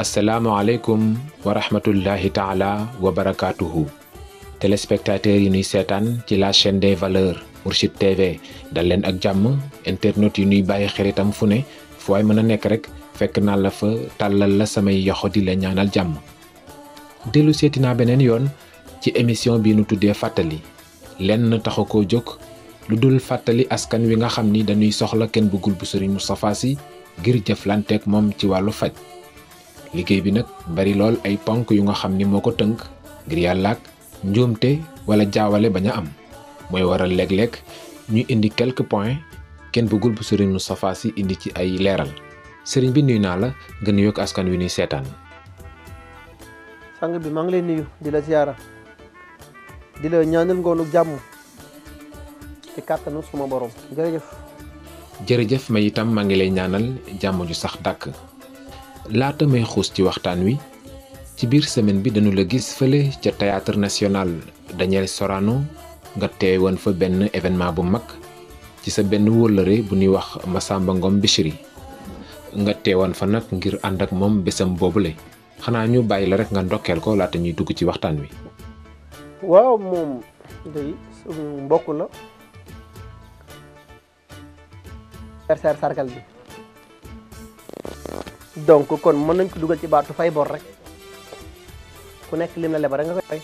asalaamu alaykum wa rahmatullahi taala wa barakaatuhu téléspectateurs yi nuy seetaan ci la chaîne des valeurs Mourchid TV dal leen ak jàmm internet yi nuy bàyyi xaritam fu ne fu waay rek fekk naa la fa tàllal la samay yoxo di la ñaanal jàmm dellu seeti naa yoon ci émission bi nu tuddee fàttali lenn taxu koo jóg lu dul askan wi nga xam ni dañuy soxla kenn bëggul bu Serigne Moustapha Sy ngir jëflanteeg moom ci wàllu faj liggéey bi nag bari lool ay ponk yu nga xam ni moo ko tënk ngir yàlla njuumte wala jaawale bañ a am mooy waral leg leg ñu indi quelques points kenn bëggul bu sëriñ Moustapha si indi ci ay leeral sëriñ bi la gën askan wi nuy seetaan. sang bi maa ngi lay nuyu di la ziyaara di la ñaanal ngoonu jàmm ci kàttanu suma borom jërëjëf. jërëjëf may itam maa ngi lay ñaanal jàmm ju sax dàkk. laata may xuus ci waxtaan wi ci biir semaine bi dañu la gis fële ca théâtre national Daniel Sorano nga teewoon fa benn événement bu mag ci sa benn wóllëre bu ñuy wax ma sàmba Ngom Bichri nga teewoon fa nag ngir ànd ak moom bésam boobule xanaa ñu bàyyi la rek nga ndokkeel ko laata ñuy dugg ci waxtaan wi. waaw moom day mbokk la. donc kon mën nañ ko dugal ci baatu fay bor rek ku nekk lim la lebal rek nga koy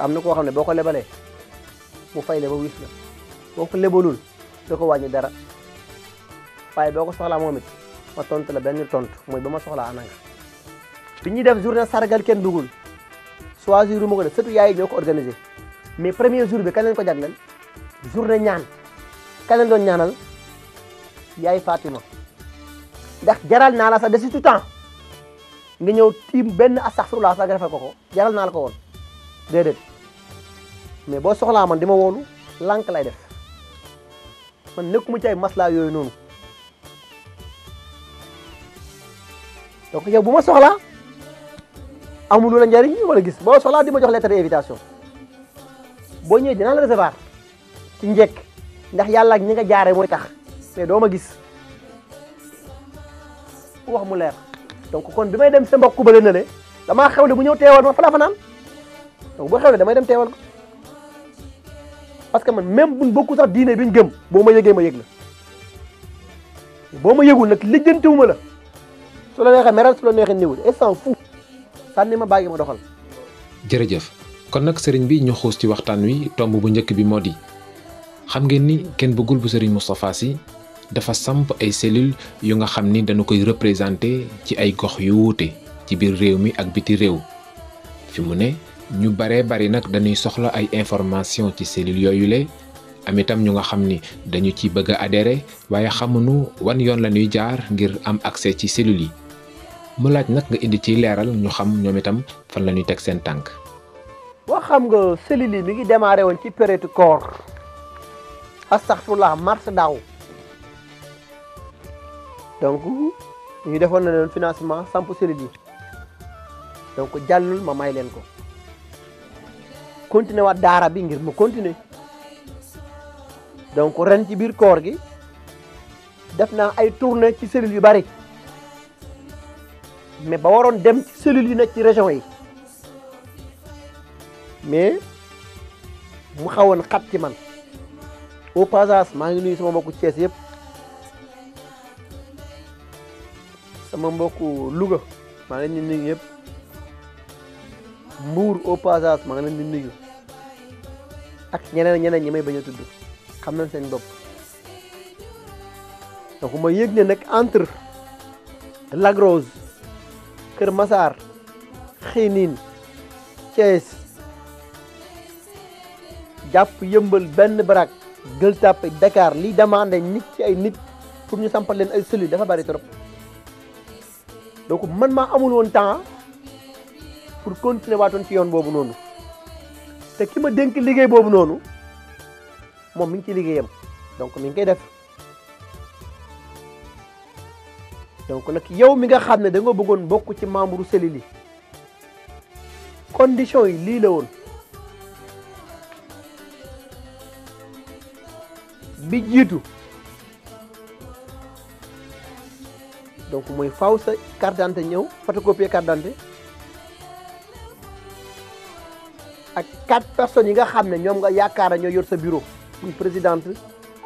am na koo xam ne boo ko lebalee mu fay la ba wis la boo ko lebalul da ko wàññi dara waaye boo ko soxlaa moom it ma tontu la benn tontu mooy ba ma soxlaa ananga bi ñuy jur journée sargal kenn dugul choisir ma ko def surtout yaay ñoo ko mais premier jour bi kan leen ko jagleel journée ñaan kan leen doon ñaanal yaay Fatima. ndax jaral naa la sa de si tout temps nga ñëw tiim benn astaxfirullah sax nga defal ko ko jaral naa la ko woon déedéet mais boo soxlaa man di ma woolu lànk lay def man nekkuma ci ay maslaa yooyu noonu donc yow bu ma soxlaa amul lu la njariñ wala gis boo soxlaa di ma jox lettre d'invitation boo ñëwee dinaa la recevoir ci njëkk ndax yàlla ak ñi nga jaare mooy tax mais doo ma gis wax mu leer donc kon bi may dem sa mbokk kubale na le damaa xewle bu ñëw teewal ma fa laa fanaan donc boo xewle damay dem teewal ko parce que man même buñ bokku sax diine biñ gëm boo ma yëgee ma yëg la boo ma yëgul nag lijjantiwuma la su la neexee meral su la neexee néewul et s'en sànni ma bàyyi ma doxal. jërëjëf kon nag sëriñ bi ñu xuus ci waxtaan wi tomb bu njëkk bi moo di xam ngeen ni kenn bëggul bu sëriñ Moustapha Sy dafa samp ay cellules yu nga xam ni dañu koy représenté ci ay gox yu wuute ci biir réew mi ak biti réew fi mu ne ñu baree bari nag dañuy soxla ay information ci cellules yooyu le am itam ñu nga xam ni dañu ci bëgg a adhéré waaye xamuñu wan yoon la ñuy jaar ngir am accès ci cellules yi mu laaj nag nga indi ci leeral ñu xam ñoom itam fan la ñuy teg seen tànk. boo xam nga cellules yi mi ngi démarré woon ci période koor astaxfirullah mars daaw. donc ñu defoon na leen financement samp série yi donc jàllul ma may leen ko continuer waat daara bi ngir mu continuer donc ren ci biir koor gi def naa ay tournée ci cellules yu bari mais ba waroon dem ci cellules yi nekk ci région yi mais mu xawoon xat ci man au passage maa ngi nuyu sama mbokku Thiès yëpp sama mbokku Louga maa ngi leen di nuyu yëpp Mbour au passage maa ngi leen di nuyu ak ñeneen ñeneen ñi may bañ a tudd xam nañ seen bopp donc ma yëg ne nag entre Lac Rose Kër Massar Xinin Thiès jàpp yëmbal benn barak Gueule Tapée Dakar li demandé nit ci ay nit pour ñu sampal ay cellules dafa bari trop. donc man maa amul woon temps pour continuer waatoon ci yoon boobu noonu te ki ma dénk liggéey boobu noonu moom mi ngi ci liggéeyam donc mi ngi koy def donc nag yow mi nga xam ne da nga bëggoon bokk ci membre cellule yi condition yi lii la woon bi jiitu donc muy faw sa carte d'identité ñëw photocopier carte d'identité ak quatre personnes yi nga xam ne ñoom nga yaakaar ñoo yor sa bureau muy présidente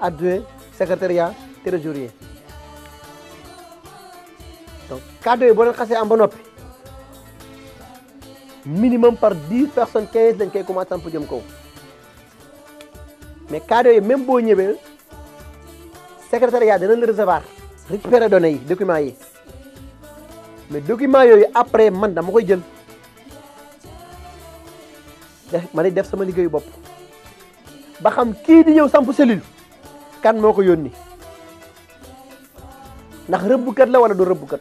adjoint secrétariat trésorier donc cadre yooyu boo leen xasee am ba noppi minimum par dix personnes quinze lañ koy commencé am pour jëm kaw mais cadre yi même boo ñëwee secrétariat danañ la recevoir. récupérer données yi documents yi mais documents yoy après man dama koy jël def ma def sama liggéeyu bop ba xam ki di ñew samp cellule kan moko yoni ndax ndax kat la wala du kat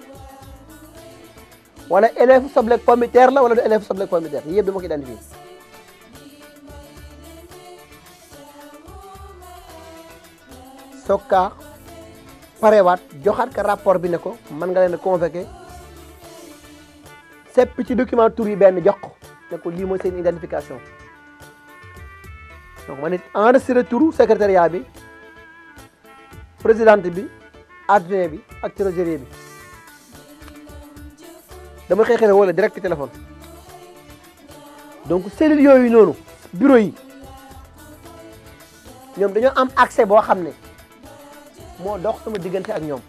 wala élève soblek pomitaire la wala do élève soblek pomitaire yeb dama ko identifier sokka parewaat joxaat ka rapport bi ne ko mën nga leen a convoqué ci document tur benn jox ko ne lii mooy seen identification donc ma ne enregistré turu secrétariat bi présidente bi adjoint bi ak trésorier bi dama xeexee wala direct téléphone donc cellules yooyu noonu bureau yi ñoom dañoo am accès boo xam ne moo dox sama diggante ak ñoom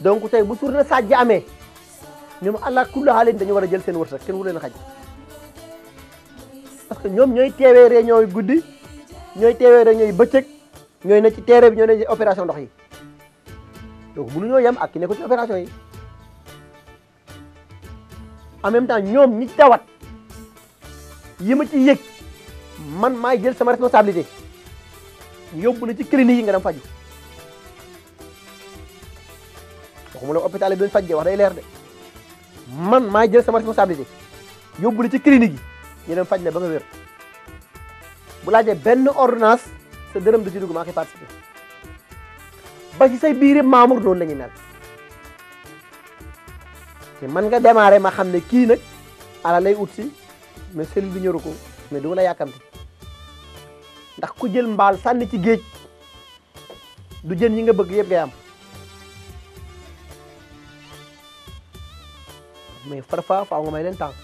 donc tey bu tourné Sadji amee ñoom allah kulli haalin dañu war a jël seen wërsëg kenn wu leen xaj parce que ñoom ñooy teewee réunion guddi ñooy teewee réunion yi bëccëg ñooy na ci terrain bi ñooy na ci opération ndox yi donc mënuñoo yam ak ki nekkul ci opération yi en même temps ñoom ñi tawat yi ma ci yëg man maay jël sama responsabilité. yóbbu na ci clinique yi nga dem faju la hôpital yi faj de wax day leer de man maa jël sama responsabilité yóbbu la ci clinique yi ñu dem faj la ba nga wér bu laajee benn ordonnance sa dërëm da ci dugg maa koy participé ba ci say biir maamur noonu la ñuy mel te man nga démarré ma xam ne kii nag ala lay ut si mais cellule bi ñoru ko mais du la yàkkamti ndax ku jël mbaal sànni ci géej du jën yi nga bëgg yëpp ngay am mais farfa faaw nga may leen temps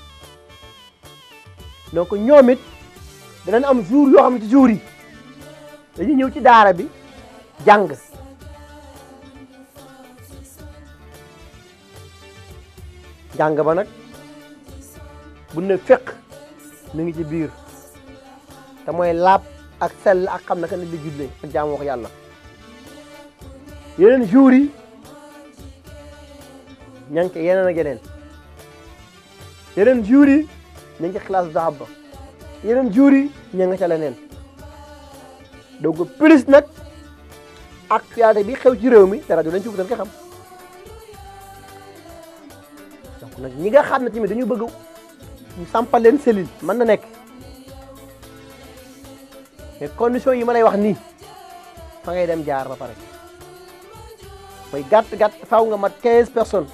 donc ñoom it danañ am jour yoo xam ci jour yi dañuy ñëw ci daara bi jàng ba nag bu ne fekk ngi ci biir te mooy laab ak sell ak xam naka la di jullee ak jaamoo yàlla yeneen jours yi yeneen ak yeneen yeneen jours yi ña yeneen jours yi ña nga ca leneen donc plus nag actualité bi xew ci réew mi dara du leen ci wutal nga xam donc nag ñi nga xam ne tamit dañu bëgg ñu sampal leen cellule mën na nekk te condition yi ma lay wax nii fa ngay dem jaar ba pare mooy gàtt gàtt faaw nga mat 15 personnes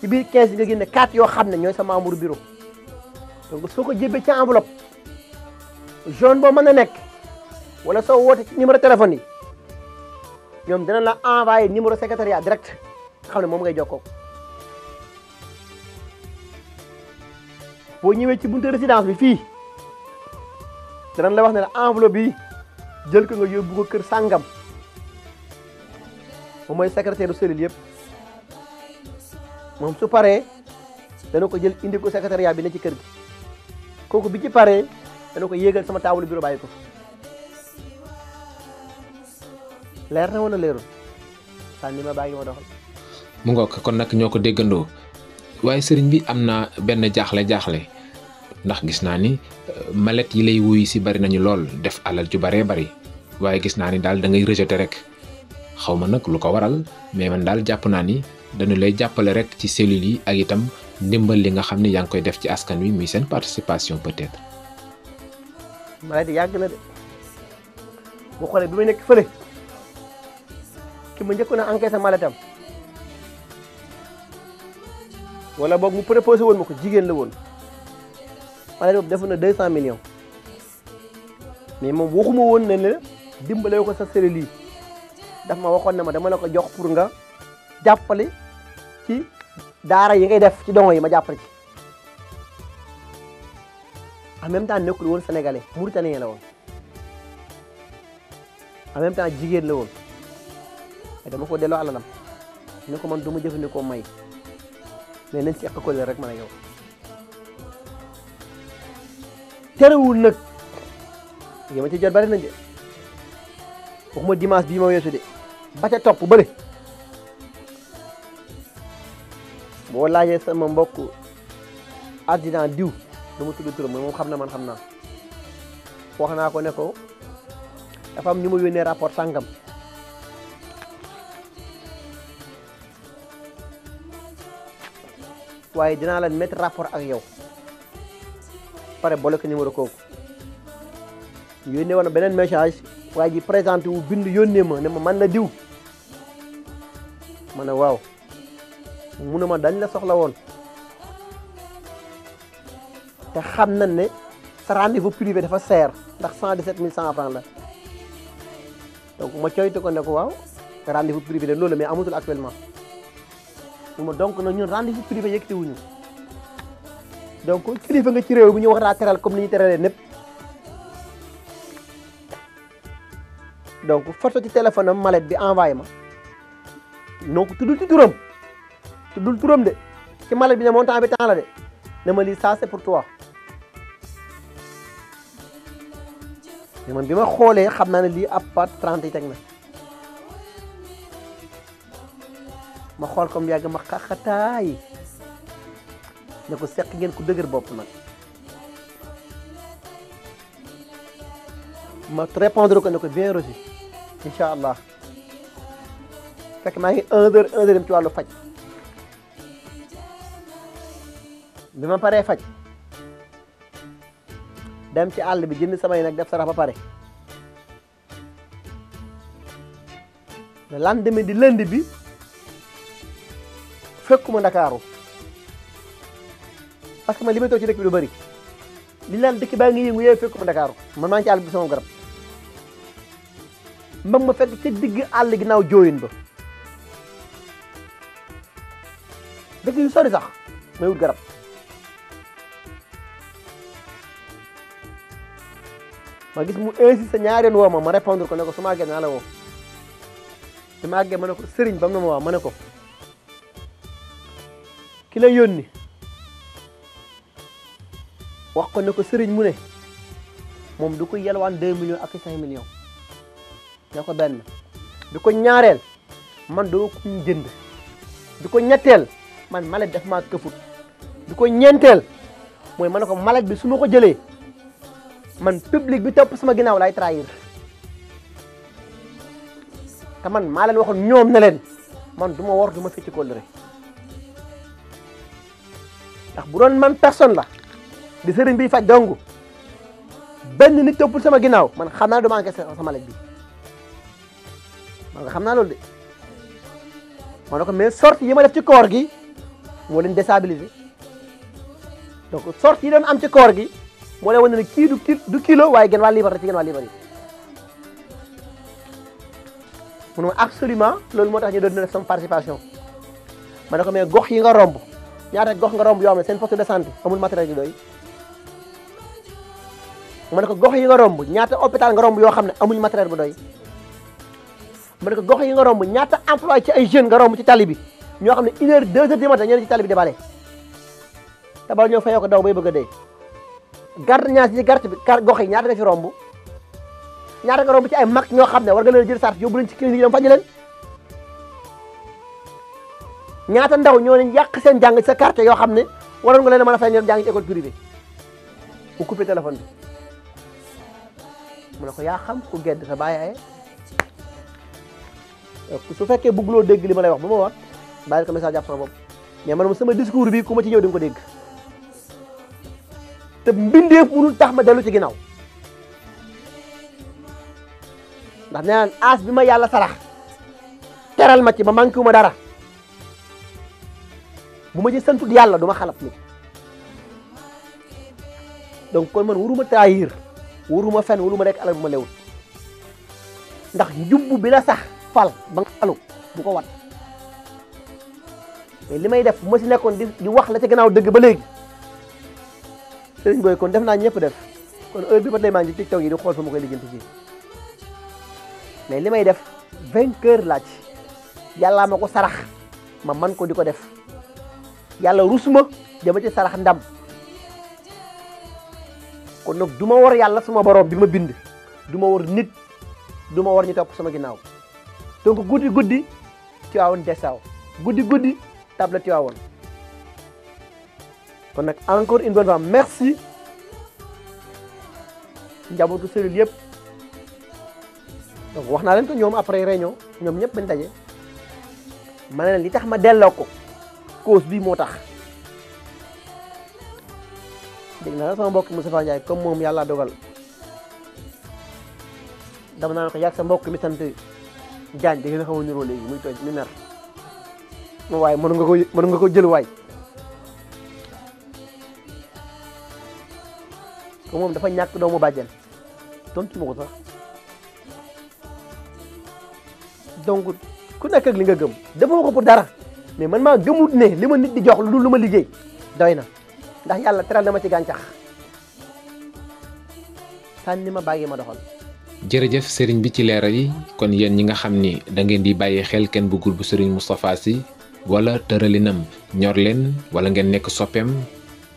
ci biir 15 yi nga génne 4 yoo xam ne ñooy sa membre bureau donc soo ko jébbee ca enveloppe jaune boo mën a nekk wala soo woote ci numéro téléphone yi ñoom dina la envoyé numéro secrétariat direct xam ne moom ngay jokkoo boo ñëwee ci buntu résidence bi fii. danañ la wax ne la enveloppe bi jël ko nga yóbbu ko kër sàngam moom mooy secrétaire u cellule yëpp moom su paree dana ko jël indi ko secrétariat bi ne ci kër gi kooku bi ci paree dana ko yéegal sama table bureau bàyyi ko leer na woon a leerul sànni ma baa ngi ma doxal mu ngoog kon nag ñoo ko déggandoo waaye sëriñ bi am na benn jaaxle jaaxle ndax gis na ni eh, malet yi lay wuy ci bari nañu lol def alal ju bare bari waye gis na ni dal da ngay rejeter rek xawma nak lu ko waral mais man dal japp na ni dañu lay jappale rek ci cellule yi ak itam ndimbal li nga xamni yang koy def ci askan wi muy sen participation peut être. malet yag na de bu xolé bi ma nekk fële ki ma njëkkoon a encaissé maletam wala bok mu proposé won mako jigen la won Alé Diop defoon na 200 millions mais moom waxuma woon ne la dimbale ko sa série lii daf ma waxoon ne ma dama la ko jox pour nga jàppale ci daara yi ngay def ci dongo yi ma jàppale ci en même temps nekkul woon sénégalais mauritanien la woon en même temps jigéen la woon dama ko delloo alalam ne ko man du ma jëfandikoo may mais nañ si ak rek man a yow terewul nag li ma ci jot bari nañ de waxuma dimanche bii ma weesu de ba ca topp bëri boo laajee sama mbokk addinaa diw lu mu tudd turam moom xam na man xam na wax naa ko ne ko dafa am ñu ma yónnee rapport sàngam waaye dinaa la mettre rapport ak yow pare boole ko numéro kooku yónnee woon na beneen message waa ji présenté wu bind yónnee ma ne ma man la diw ma ne waaw mu ne ma dañ la soxla woon te xam nañ ne sa rendez-vous privé dafa seer ndax 117 mille cent francs la donc ma coytu ko ne ko waaw rendez-vous privé de loolu mais amatul actuellement mu ma donc na ñun rendez-vous privé yëkkati wuñu donc kilifa nga ci réew mi ñu war a teral kom ni ñu teralee népp donc photo ci téléphone am mallette bi envoyé ma donc tuddul ci turam tuddul turam de ci mallette bi ne montant bi temps la de ne ma lii ça pour toi mais bi ma xoolee xam naa ne lii ab trent 30 yi teg na ma xool comme yàgg ma xaxataay ne ko seq ku dëgër bopp nag ma répondre ko ne ko bien reçu incha allah fekk maa ngi un heure un ci wàllu faj bi ma paree faj dem ci àll bi jënd samay nag def sarax ba pare le lendemain di lundi bi fekkuma Ndakaaru parce que man li may ci dëkk bi du bëri li naan dëkk baa ngi yëngu yow fekk ko Ndakaaru garab ma fekk ca digg àll ginnaaw garab ma gis mu insisté ñaari yoon woo ma ma répondre ko ne ko su ma àggee naa la woo su ma àggee ma ne ko sëriñ ba mu ma waaw ma ne ko kila la wax ko ne ko sëriñ mu ne moom du ko yelwaan deux millions ak cinq millions ne ko benn du ko ñaareel man doo ko jënd du ko ñetteel man malet def maa këfut du ko ñeenteel mooy ma ne ko malet bi su ko jëlee man public bi topp sama ginnaaw lay trahir te man maa leen waxoon ñoom ne leen man du ma war du ma fecc kóllëre ndax bu doon man personne la di sëriñ bi faj dong benn nit toppul sama ginnaaw man xam naa ne dama sama laj bi man nga xam naa loolu de ma ne ko mais yi ma def ci koor gi moo leen déstabiliser donc sorties yi doon am ci koor gi moo leen wane ne kii du kii du kilo waaye genn waa liibar la ci genn waa liibar yi mun ma absolument loolu moo ta ñu doon def sama participation ma ne ko mais gox yi nga romb ñaata gox nga romb yoo xam ne seen poste de santé amul matériel yi doy mané ko gox yi nga romb ñaata hôpital nga romb yo xamné ne amuñ matériel bu doy mané ko gox yi nga romb ñaata emploi ci ay jeune nga romb ci talibi ño xamné 1h 2h du matin ñu ci talibi débalé débale te bal ñoo fayoo ko daw bay bëgg dé garde ñaas ñaar ci garte bi gox yi ñaata nga fi romb ñaata nga romb ci ay mak ño xamné war nga leen jël sart yobul leen ci clinique yi dem faj leen ñaata ndaw ñoo leen yak seen jàng sa carte yo xamné waron nga leen mëna fay ñu jang ci école privée ou couper téléphone mu ne ko yaa xam ku gedd sa bàyyi aye su fekkee bëgguloo dégg li ma lay wax ba ma wax bàyyi ko message jàpp sama bopp mais man sama discours bi ku ma ci ñëw di nga ko dégg te mbindeef mënul tax ma dellu ci ginnaaw ndax nee naan aas bi ma yàlla sarax teral ma ci ba manqué wu ma dara bu ma ci santut yàlla du ma xalab ni donc kon man waruma trahir wuruma fen wuruma rek ala buma ma lewut ndax njubbu bi la sax fal ba nga alu bu ko wat mais limay def ma si di wax la ci gannaaw deug ba legi serigne boy kon def na ñepp def kon heure bi ba tey maa ngi ci tiktok yi di xol fa mu koy lijeenti ci mais limay def vainqueur la ci yalla mako sarax ma man ko di def yalla rusuma dama ci sarax ndam kon nak duma wor yalla suma borom bima bind duma wor nit duma wor ñu top sama ginaaw donc goudi goudi ci awon dessaw goudi goudi table ci awon kon nak encore une bonne fois merci njabootu selul yépp donc wax naa leen ko ñom après réunion ñom ñëpp bañ dajé manena li tax ma delloo ko cause bi motax dégg naa sama mbokk Moustapha Ndiaye comme moom yàlla dogal dama naan ko yàgg sa mbokk mi sant Diagne da ngeen a xaw a niroo léegi muy toj muy nar waaye mën nga ko nga ko jël waay ko moom dafa ñàkk doomu bàjjen tontu ma ko sax donc ku nekk ak li nga gëm dafa ma ko pour dara mais man maa gëmut ne li ma nit di jox lu dul lu ma liggéey doy na ndax yalla teral dama ci gantax tan ni ma baye ma doxal jërëjëf serigne bi ci leeral yi kon yéen ñi nga xamni da ngeen di baye xel kenn bëggul bu serigne mustapha si wala teralinam ñor len wala ngeen nek sopem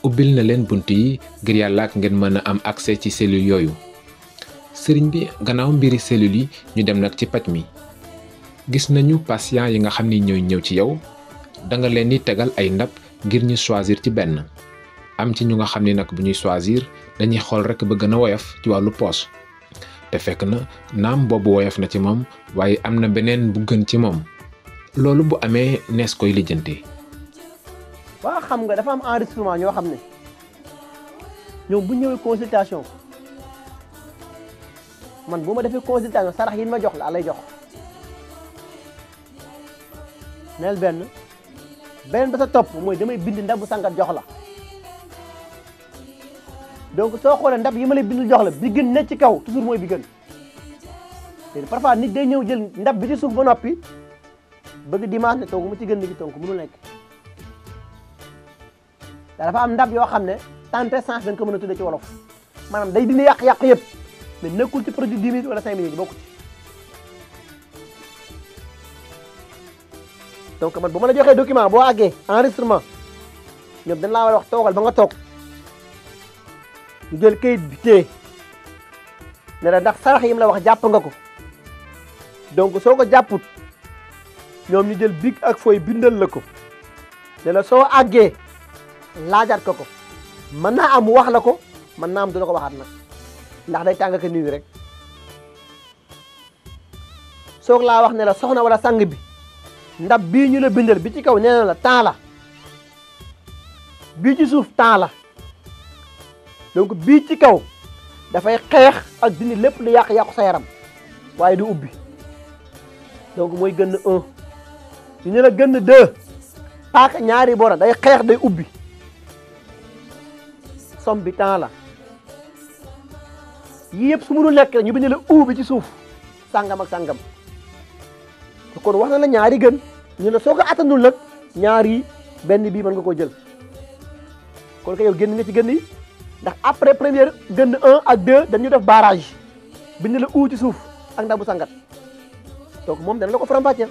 ubil na len bunt yi ngir yalla ak ngeen mën am accès ci cellule yoyu serigne bi gannaaw mbiri cellule yi ñu dem nak ci paj mi gis nañu patient yi nga xamni ñoy ñew ci yow da nga leen ni tegal ay ndab ngir ñu choisir ci benn am ci ñu nga xamni nak bu ñuy choisir dañuy xol rek bëgg na woyof ci walu poche te fekk na naam bobu woyof na ci mom waye amna benen bu gën ci mom loolu bu amé nes koy lijeenté wa xam nga dafa am enregistrement ñoo xam ne bu ñëwé consultation man buma défé consultation sarax yi ma jox la lay jox nel ben ben ba sa top moy damay bind ndabu sangat jox la donc so xolé ndab yima lay bind jox la bi gën ne ci kaw toujours moy bi gën te parfois nit day ñew jël ndab bi ci suuf ba nopi bëgg dimanche taw tonk mu ci gën ni ci tonk mënul nekk fa am ndab yo xam tante sans dañ ko mëna a ci wolof manam day dina yak yak yëpp mais nekkul ci produit 10 minutes wala 5 minutes bokku ci donc man buma la joxee document bo àggee enregistrement ñom dañ la wara wax togal ba nga tok ñu kayit bi téye ne la ndax sarax yim la wax jàpp nga ko donc soo ko jàpput ñoom ñu jël big ak foy bindal la ko ne la soo àggee laajaat ko ko mën naa am wax la ko mën naa am du ko waxaat nag ndax day tàng ka nii rek soog laa wax ne la soxna wala sang bi ndab bii ñu la bindal bi ci kaw nee la temps la bii ci suuf temps la donc bi ci kaw fay xex ak dindi lepp lu yak yak sa yaram waye du ubbi donc moy gën 1 ñu la gën 2 pak paaka ñaari bora day xex day ubbi som bi tan la le yëpp su mënul lek ñu bind la uu ci suuf sangam ak sangam ko le, wax na la ñaari gën ñu la soko ko attanul ñaari benn bi man nga ko jël kon kay yow genn nga ci genn yi ndax après première gën un ak deux dañu def barrage bi ñu la uu ci suuf ak ndax sangat donc moom dana la ko faram-fàcceel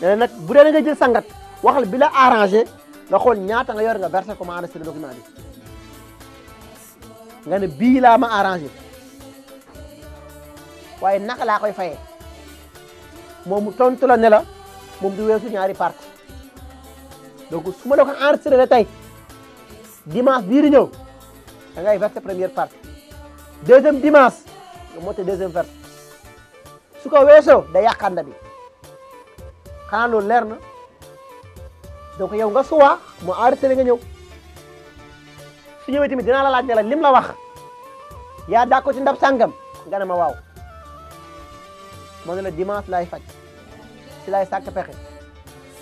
nag bu dee da nga jël sangat waxal bi la arrangé nga xool ñaata nga yor nga versé ko ma enregistré document bi nga ne bii laa ma arrangé waaye naka laa koy fayee moom mu la ne la moom weesu ñaari parti donc su la ko enregistré tey. dimanche bii di ñëw da ngay verser première partie deuxième dimanche nga monté deuxième verse su ko weesoo da yàqanda bi xanaa loolu leer na donc yow nga suwaa mu enregistré nga ñëw su ñëwee tamit dinaa la laaj ne la lim la wax yaa daa ci ndab sàngam nga ne ma waaw moo ne la dimanche laay faj si lay sàkk pexe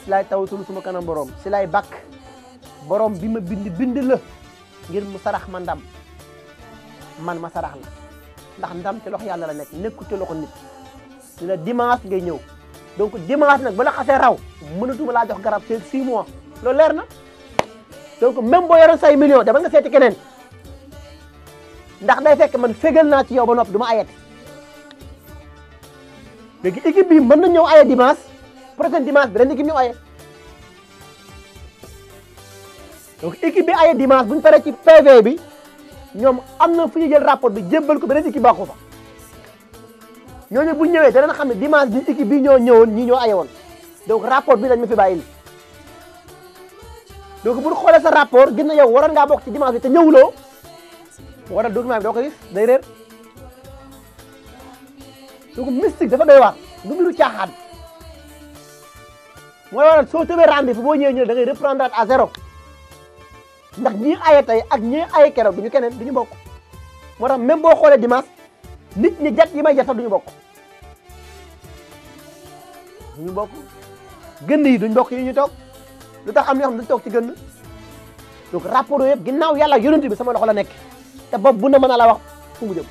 si laay tawatul suma kanam borom si laay bakk borom bi ma bind bind la ngir mu sarax ma ndam man ma sarax la ndax ndam ci loxo yàlla la nekk nekku ci loxo nit ñu ne dimanche ngay ñëw donc dimanche nag ba la xasee raw mënatuma laa jox garab feeg 6 mois leer na donc même boo yoroon say millions dama nga ti keneen ndax day fekk man fégal naa ci yow ba noppi du ma ayati bi mën na ñëw aye dimanche prochaine dimanche beneen équipe ñëw aye donc équipe bi ayé dimanche buñu féré ci PV bi ñom amna fuñu jël rapport bi jébal ko benen équipe bako fa ñoñu bu ñëwé da na xamné dimanche bi équipe bi ñoo ñëwoon ñi ñoo ayé won donc rapport bi dañ ma fi bayil donc bu xolé sa rapport gëna yow waral nga bok ci dimanche bi té ñëwulo waral document bi do ko gis day rër donc mystique dafa doy waar du miru caaxaan moy waral so tëbee rendez-vous bo ñëw ñëw da ngay reprendre à zéro ndax ñii aye tey ak ñii aye keroog ñu keneen ñu bokk moo tax même boo xoolee dimanche nit ñi jat yi may jat sax duñu bokk duñu bokk gënn yi duñ bokk yi ñu toog lu tax am ñoo xam ne duñ toog ci gënn donc rapport yooyu yëpp ginnaaw yàlla yonent bi sama loxo la nekk te boobu bu na mën a la wax fu mu jëm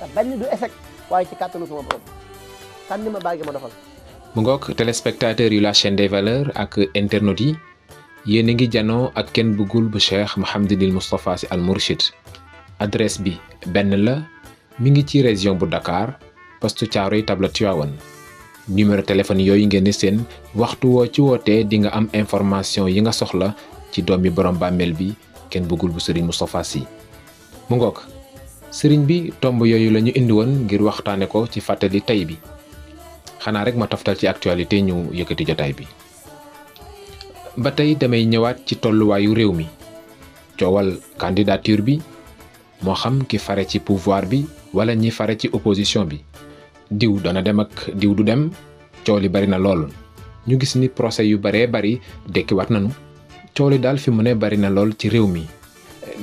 te benn du échec waaye ci kàttanu sama borom sànni ma baagi ma doxal mu ngoog téléspectateur yu la chaîne des valeurs ak internautes yi yéen a ngi jano ak kenn bëggul bu cheikh si Al Murshid. adresse bi benn la mi ngi ci région bu Dakar poste Thiaroye tabla Tivaouane numéro téléphone yooyu ngeen di seen waxtu woo ci wootee di nga am information yi nga soxla ci doomi borom bàmmeel bi kenn bëggul bu sëriñ Moustapha si mu ngoog sëriñ bi tomb yooyu la ñu indi woon ngir waxtaane ko ci fàttali tey bi xanaa rek ma toftal ci actualité ñu yëkkati jotaay bi ba tey damay ñëwaat ci tolluwaayu réew mi coowal candidature bi moo xam ki fare ci pouvoir bi wala ñi fare ci opposition bi diw dana dem ak diw du dem coow li bari na lool ñu gis ni procès yu baree bari dekkiwaat nanu coow li daal fi mu ne bari na lool ci réew mi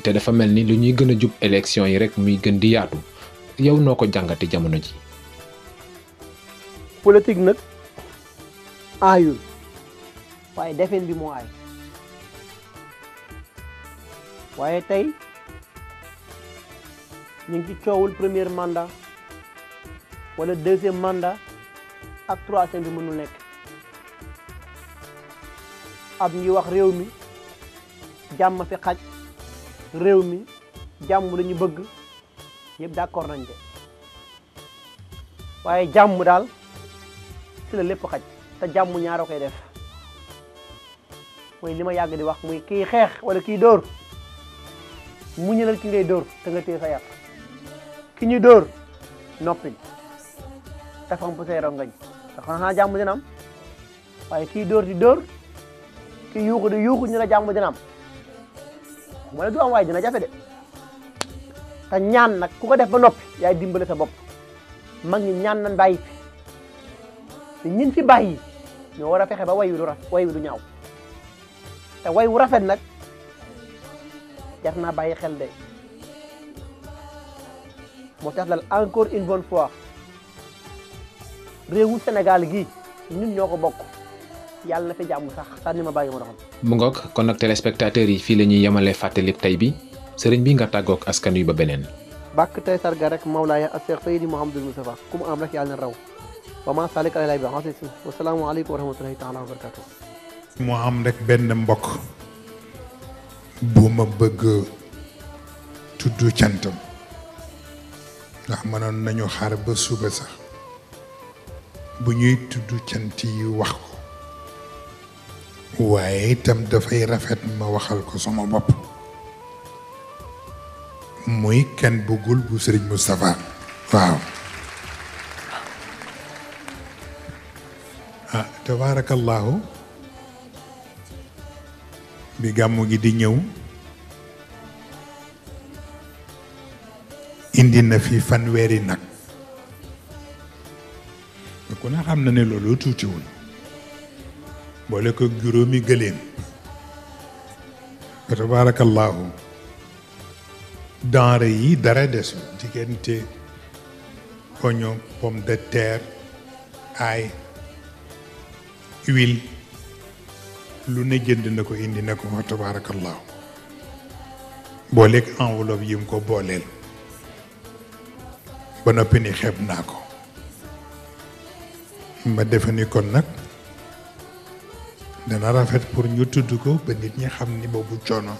te dafa mel ni lu ñuy gën a jub élection yi rek muy gën di yaatu yow noo ko jàngate jamono ji ay defeen bi moo ay waaye tey ñu ngi coowul premier mandat wala deuxième mandat ak troisième bi mënul nekk ab ñuy wax réew mi jàmm fi xaj réew mi jàmm la ñu bëgg ñëpp d'accord nañ de waaye jàmm daal ci la lépp xaj te jàmm ñaaro koy def mooy li ma yàgg di wax muy kii xeex wala kii dóor mu ñëlal ki ngay dóor te nga téye sa yàpp ki ñuy dóor noppil te fomp say rongañ te xanaa jàmm dina waaye kii dóor di dóor kii yuuxu di yuuxu ñu ne jàmm dina am mu ne du am waaye dina jafe de te ñaan nag ku ko def ba noppi yaay dimbale sa bopp mag ñi ñaan nañ bàyyi fi te ñin fi bàyyi ñoo war a fexe ba wayu du raf wayu du ñaaw te way wu rafet nag jar naa bàyyi xel de moo tax dal encore une bonne fois réewu Sénégal gi ñun ñoo ko bokk yàlla na fi jàmm sax sànni ma bàyyi ma doxam. mu ngoog kon nag téléspectateurs yi fii la ñuy yemale fàttalib tey bi sëriñ bi nga tàggoog askan wi ba beneen. bàkk tey sarga rek Mawlaaya ak Cheikh Seydi Mouhamadul Moustapha ku mu am rek yàlla na raw wa maa salik alayhi bi xasin wasalaamu aleykum wa rahmatullahi taala wa barakatuh moo am rek benn mbokk bu ma bëgg tudd cantam ndax mënoon nañu xaar ba suba sax bu ñuy tudd cant yi wax ko waaye itam dafay rafet ma waxal ko sama bopp muy kenn bëggul bu Serigne Moustapha waaw ah tabaarakallaahu bi gàmmu gi di ñëw indi na fi fanweeri nag ku ne xam na ne loolu tuutiwul boole ko juróomi gëléen fa tabaarakallaahu denre yi dara des diggante oignon pomme de terre ay huile lu ne jënd na ko indi na ko fa tabaarakallaahu booleeg enveloppe yi mu ko booleel ba noppi ni xeeb naa ko ma defe ni kon nag dana rafet pour ñu tudd ko ba nit ñi xam ni boobu coono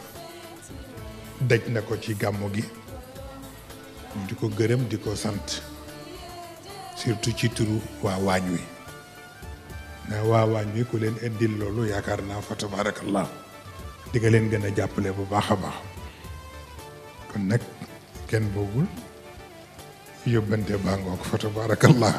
daj na ko ci gàmmu gi di ko gërëm di ko sant surtout ci turu waa waañ wi Eh, waa waañ wi ku leen indil loolu yaakaar naa fa tabarakallah di nga leen gën a jàppale bu baax a baax kon nag kenn boogul yóbbante baa ngoog fa tabarakallah